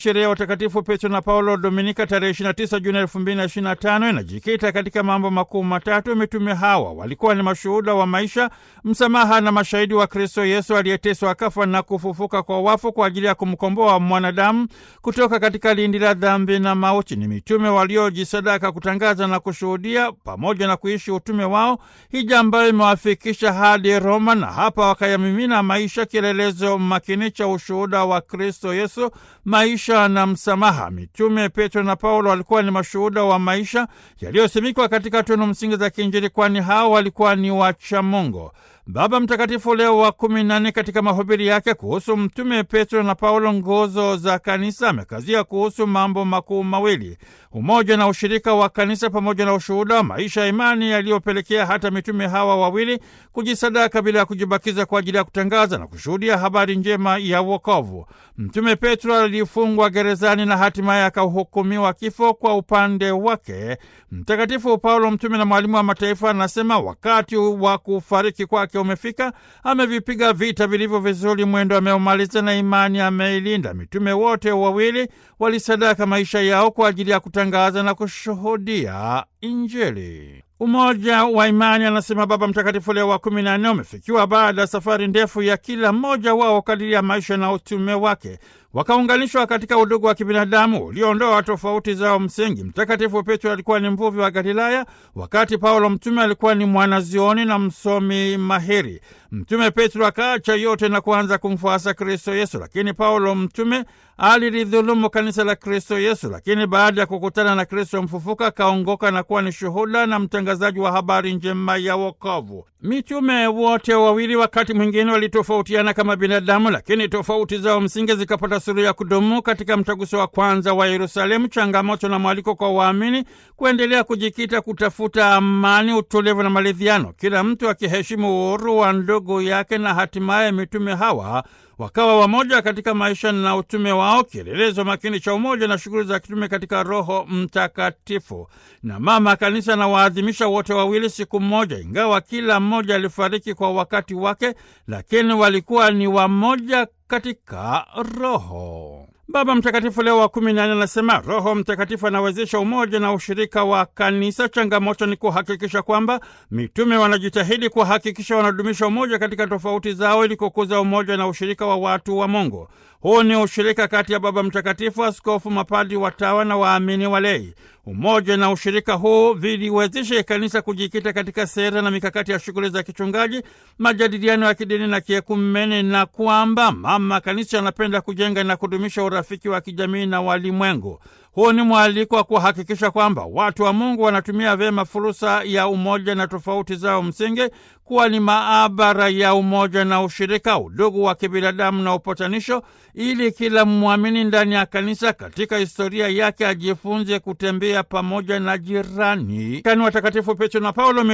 Sheria ya Utakatifu Petro na Paulo Dominika tarehe 29 Juni 2025 inajikita katika mambo makuu matatu. Mitume hawa walikuwa ni mashuhuda wa maisha, msamaha na mashahidi wa Kristo Yesu aliyeteswa, kafa na kufufuka kwa wafu kwa ajili ya kumkomboa mwanadamu kutoka katika lindi la dhambi na mauti. Ni mitume waliojisadaka kutangaza na kushuhudia pamoja na kuishi utume wao, hija ambayo imewafikisha hadi Roma, na hapa wakayamimina maisha, kielelezo makini cha ushuhuda wa Kristo Yesu maisha maisha na msamaha. Mitume Petro na Paulo walikuwa ni mashuhuda wa maisha yaliyosimikwa katika tunu msingi za kiinjili, kwani hao walikuwa ni wachamungu. Baba Mtakatifu Leo wa kumi na nne katika mahubiri yake kuhusu Mtume Petro na Paulo, nguzo za kanisa, amekazia kuhusu mambo makuu mawili: umoja na ushirika wa kanisa, pamoja na ushuhuda wa maisha ya imani yaliyopelekea hata mitume hawa wawili kujisadaka bila ya kujibakiza kwa ajili ya kutangaza na kushuhudia habari njema ya wokovu. Mtume Petro alifungwa gerezani na hatimaye akahukumiwa kifo. Kwa upande wake, Mtakatifu Paulo, mtume na mwalimu wa mataifa, anasema wakati wa kufariki kwake wake umefika, amevipiga vita vilivyo vizuri, mwendo ameumaliza, na imani ameilinda. Mitume wote wawili walisadaka maisha yao kwa ajili ya kutangaza na kushuhudia Injili. Umoja wa imani, anasema Baba Mtakatifu Leo wa kumi na nne, umefikiwa baada ya safari ndefu ya kila mmoja wao kadiri ya maisha na utume wake wakaunganishwa katika udugu wa kibinadamu uliondoa tofauti zao msingi. Mtakatifu Petro alikuwa ni mvuvi wa Galilaya, wakati Paulo mtume alikuwa ni mwanazioni na msomi mahiri. Mtume Petro akaacha yote na kuanza kumfuasa Kristo Yesu, lakini Paulo mtume alilidhulumu kanisa la Kristo Yesu, lakini baada ya kukutana na Kristo mfufuka akaongoka na kuwa ni shuhuda na mtangazaji wa habari njema ya wokovu. Mitume wote wawili wakati mwingine walitofautiana kama binadamu, lakini tofauti zao msingi zikapata kuchora ya kudumu katika mtaguso wa kwanza wa Yerusalemu, changamoto na mwaliko kwa waamini kuendelea kujikita kutafuta amani, utulivu na maridhiano, kila mtu akiheshimu uhuru wa ndugu yake, na hatimaye mitume hawa wakawa wamoja katika maisha na utume wao, kielelezo makini cha umoja na shughuli za kitume katika Roho Mtakatifu. Na Mama Kanisa anawaadhimisha wote wawili siku moja, ingawa kila mmoja alifariki kwa wakati wake, lakini walikuwa ni wamoja katika Roho. Baba Mtakatifu Leo wa kumi na nne anasema Roho Mtakatifu anawezesha umoja na ushirika wa kanisa. Changamoto ni kuhakikisha kwamba mitume wanajitahidi kuhakikisha wanadumisha umoja katika tofauti zao ili kukuza umoja na ushirika wa watu wa Mungu. Huu ni ushirika kati ya Baba Mtakatifu, askofu, mapadi, watawa na waamini walei. Umoja na ushirika huu viliwezeshe kanisa kujikita katika sera na mikakati ya shughuli za kichungaji, majadiliano ya kidini na kiekumene, na kwamba mama kanisa anapenda kujenga na kudumisha urafiki wa kijamii na walimwengu. Huu ni mwaliko wa kuhakikisha kwamba watu wa Mungu wanatumia vyema fursa ya umoja na tofauti zao msingi kuwa ni maabara ya umoja na ushirika, udugu wa kibinadamu na upatanisho, ili kila mwamini ndani ya kanisa katika historia yake ajifunze kutembea pamoja na jirani. Kani watakatifu Petro na Paulo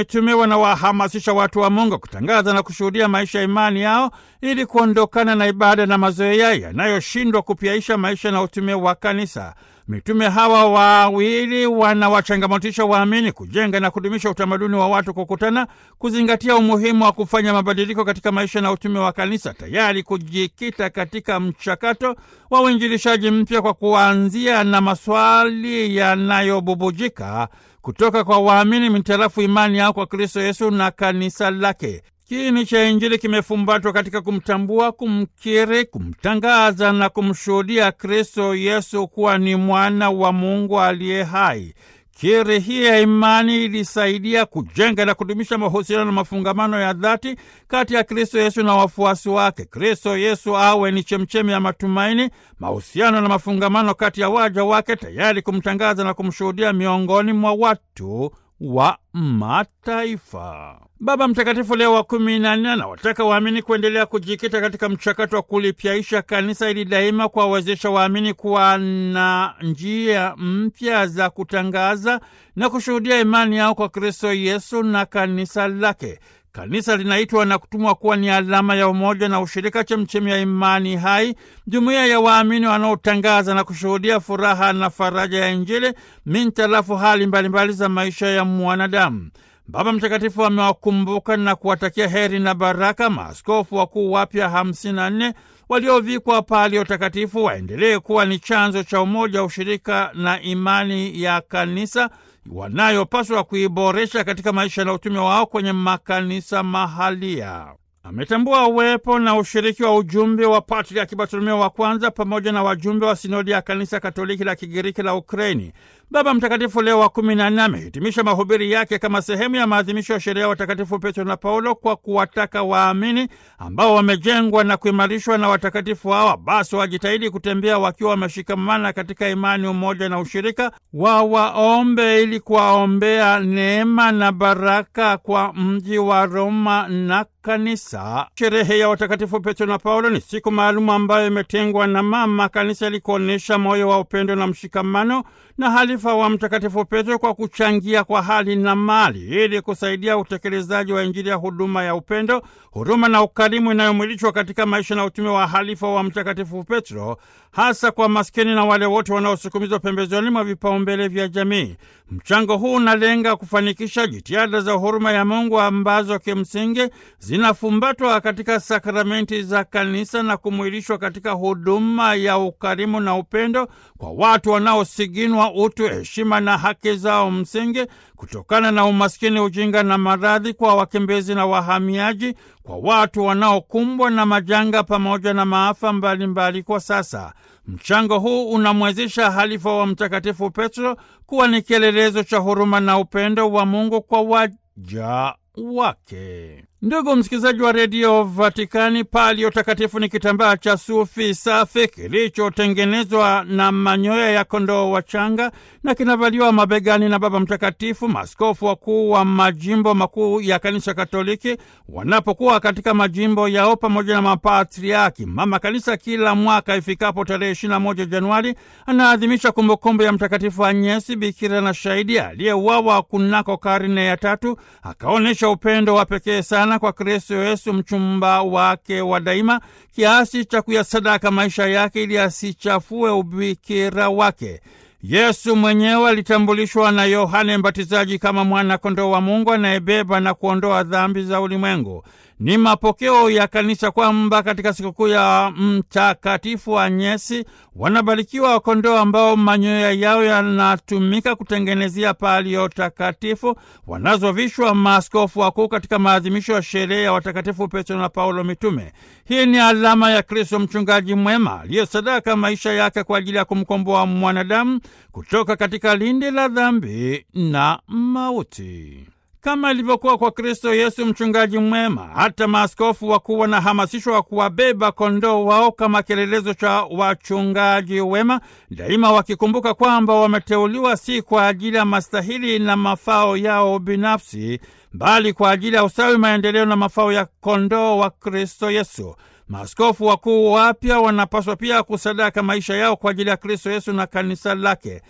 na wahamasisha watu wa Mungu kutangaza na kushuhudia maisha ya imani yao ili kuondokana na ibada na mazoea yanayoshindwa kupyaisha maisha na utume wa kanisa. Mitume hawa wawili wanawachangamotisha waamini kujenga na kudumisha utamaduni wa watu kukutana, kuzingatia umuhimu wa kufanya mabadiliko katika maisha na utume wa kanisa, tayari kujikita katika mchakato wa uinjilishaji mpya kwa kuanzia na maswali yanayobubujika kutoka kwa waamini mitarafu imani yao kwa Kristo Yesu na kanisa lake. Kiini cha Injili kimefumbatwa katika kumtambua, kumkiri, kumtangaza na kumshuhudia Kristo Yesu kuwa ni mwana wa Mungu aliye hai. Kiri hii ya imani ilisaidia kujenga na kudumisha mahusiano na mafungamano ya dhati kati ya Kristo Yesu na wafuasi wake. Kristo Yesu awe ni chemchemi ya matumaini, mahusiano na mafungamano kati ya waja wake, tayari kumtangaza na kumshuhudia miongoni mwa watu wa mataifa. Baba Mtakatifu Leo wa kumi na nne anawataka waamini kuendelea kujikita katika mchakato wa kulipyaisha kanisa ili daima kuwawezesha waamini kuwa na njia mpya za kutangaza na kushuhudia imani yao kwa Kristo Yesu na kanisa lake. Kanisa linaitwa na kutumwa kuwa ni alama ya umoja na ushirika, chemchemi ya imani hai, jumuiya ya waamini wanaotangaza na kushuhudia furaha na faraja ya Injili mintarafu hali mbalimbali mbali za maisha ya mwanadamu. Baba Mtakatifu amewakumbuka na kuwatakia heri na baraka maaskofu wakuu wapya 54 waliovikwa palio takatifu, waendelee kuwa ni chanzo cha umoja, ushirika na imani ya Kanisa wanayopaswa kuiboresha katika maisha na utume wao kwenye makanisa mahalia. Ametambua uwepo na ushiriki wa ujumbe wa Patriaki Bartolomeo wa kwanza pamoja na wajumbe wa sinodi ya kanisa Katoliki la Kigiriki la Ukraini Baba Mtakatifu Leo wa kumi na nne amehitimisha mahubiri yake kama sehemu ya maadhimisho ya sherehe ya watakatifu Petro na Paulo kwa kuwataka waamini ambao wamejengwa na kuimarishwa na watakatifu hawa, basi wajitahidi kutembea wakiwa wameshikamana katika imani, umoja na ushirika, wawaombe ili kuwaombea neema na baraka kwa mji wa Roma na kanisa. Sherehe ya watakatifu Petro na Paulo ni siku maalumu ambayo imetengwa na Mama Kanisa ili kuonyesha moyo wa upendo na mshikamano na hali ukhalifa wa Mtakatifu Petro kwa kuchangia kwa hali na mali ili kusaidia utekelezaji wa Injili ya huduma ya upendo, huruma na ukarimu inayomwilishwa katika maisha na utume wa halifa wa Mtakatifu Petro, hasa kwa maskini na wale wote wanaosukumizwa pembezoni mwa vipaumbele vya jamii. Mchango huu unalenga kufanikisha jitihada za huruma ya Mungu ambazo kimsingi zinafumbatwa katika sakramenti za kanisa na kumwilishwa katika huduma ya ukarimu na upendo kwa watu wanaosiginwa utu wapatiwe heshima na haki zao msingi kutokana na umaskini, ujinga na maradhi, kwa wakimbizi na wahamiaji, kwa watu wanaokumbwa na majanga pamoja na maafa mbalimbali mbali kwa sasa. Mchango huu unamwezesha halifa wa Mtakatifu Petro kuwa ni kielelezo cha huruma na upendo wa Mungu kwa waja wake. Ndugu msikilizaji wa redio Vatikani, palio takatifu ni kitambaa cha sufi safi kilichotengenezwa na manyoya ya kondoo wachanga na kinavaliwa mabegani na Baba Mtakatifu. maskofu wakuu wa majimbo makuu ya Kanisa Katoliki wanapokuwa katika majimbo yao pamoja na mapatriaki. Mama Kanisa kila mwaka ifikapo tarehe 21 Januari anaadhimisha kumbukumbu ya Mtakatifu Anyesi, bikira na shahidi aliyeuawa kunako karne ya tatu. Akaonyesha upendo wa pekee sana sana kwa Kristo Yesu mchumba wake wa daima, kiasi cha kuyasadaka maisha yake ili asichafue ubikira wake. Yesu mwenyewe alitambulishwa na Yohane Mbatizaji kama mwana kondoo wa Mungu anayebeba na kuondoa dhambi za ulimwengu. Ni mapokeo ya Kanisa kwamba katika sikukuu ya Mtakatifu Anyesi wanabarikiwa wakondoo ambao manyoya yao yanatumika kutengenezea palio takatifu, wanazovishwa maaskofu wakuu katika maadhimisho ya sherehe ya watakatifu Petro na Paulo mitume. Hii ni alama ya Kristo mchungaji mwema aliyesadaka maisha yake kwa ajili ya kumkomboa mwanadamu kutoka katika lindi la dhambi na mauti kama ilivyokuwa kwa Kristo Yesu mchungaji mwema. Hata maaskofu wakuu wanahamasishwa wa kuwabeba kondoo wao kama kielelezo cha wachungaji wema, daima wakikumbuka kwamba wameteuliwa si kwa ajili ya mastahili na mafao yao binafsi, bali kwa ajili ya ustawi, maendeleo na mafao ya kondoo wa Kristo Yesu. Maaskofu wakuu wapya wanapaswa pia kusadaka maisha yao kwa ajili ya Kristo Yesu na kanisa lake.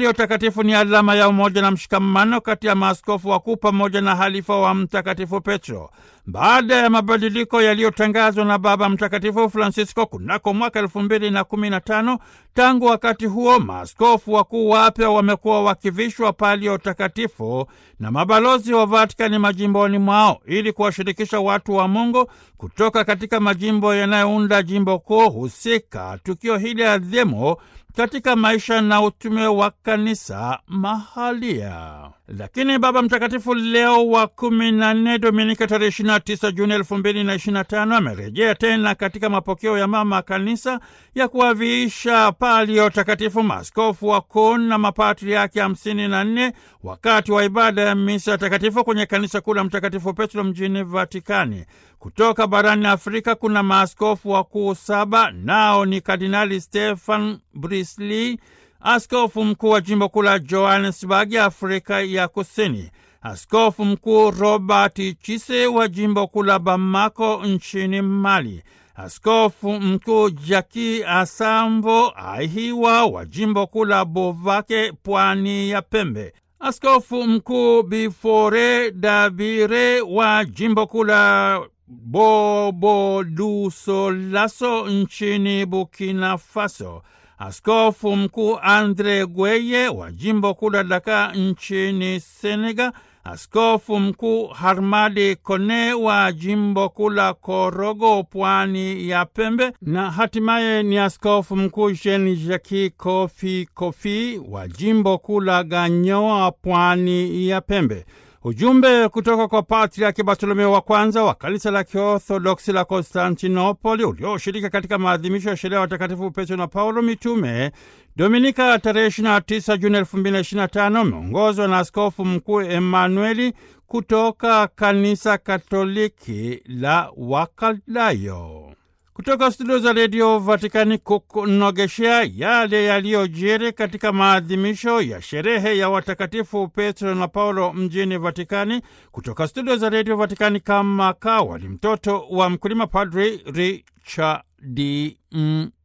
ya takatifu ni alama ya umoja na mshikamano kati ya maaskofu wakuu pamoja na halifa wa Mtakatifu Petro baada ya mabadiliko yaliyotangazwa na Baba Mtakatifu Francisco kunako mwaka elfu mbili na kumi na tano. Tangu wakati huo maaskofu wakuu wapya wamekuwa wakivishwa pali ya utakatifu na mabalozi wa Vatikani majimboni mwao ili kuwashirikisha watu wa Mungu kutoka katika majimbo yanayounda jimbo kuu husika. Tukio hili adhimu katika maisha na utume wa kanisa mahalia. Lakini Baba Mtakatifu Leo wa kumi na nne, Dominika tarehe 29 Juni 2025 amerejea tena katika mapokeo ya mama kanisa ya kuwaviisha palio takatifu maaskofu wakuu na mapatriaki hamsini na nne wakati wa ibada ya misa takatifu kwenye kanisa kuu la Mtakatifu Petro mjini Vatikani. Kutoka barani Afrika kuna maaskofu wakuu saba, nao ni Kardinali Stefan Brisli, askofu mkuu wa jimbo kuu la Johannesburg, Afrika ya Kusini; askofu mkuu Robert Chise wa jimbo kuu la Bamako nchini Mali; askofu mkuu Jaki Asambo aihiwa wa jimbo kuu la Bovake, pwani ya Pembe; askofu mkuu Bifore Dabire wa jimbo kuu la Bobo Duso Laso nchini Burkina Faso. Askofu Mkuu Andre Gweye wa jimbo kuu la Dakar nchini Senegal, Askofu Mkuu Harmadi Kone wa jimbo kuu la Korogo, pwani ya Pembe, na hatimaye ni Askofu Mkuu Jean Jacques Kofi Kofi wa jimbo kuu la Ganyoa, pwani ya Pembe. Ujumbe kutoka kwa Patriaki Bartolomeo wa kwanza wa kanisa la Kiorthodoksi la Konstantinopoli ulioshirika katika maadhimisho ya sherehe ya watakatifu Petro na Paulo mitume Dominika tarehe 29 Juni 2025 umeongozwa na askofu mkuu Emanueli kutoka kanisa Katoliki la Wakaldayo. Kutoka studio za redio Vatikani kukunogeshea yale yaliyojiri katika maadhimisho ya sherehe ya watakatifu Petro na Paulo mjini Vatikani. Kutoka studio za redio Vatikani kama kawali, mtoto wa mkulima Padri Richard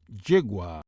Mjigwa.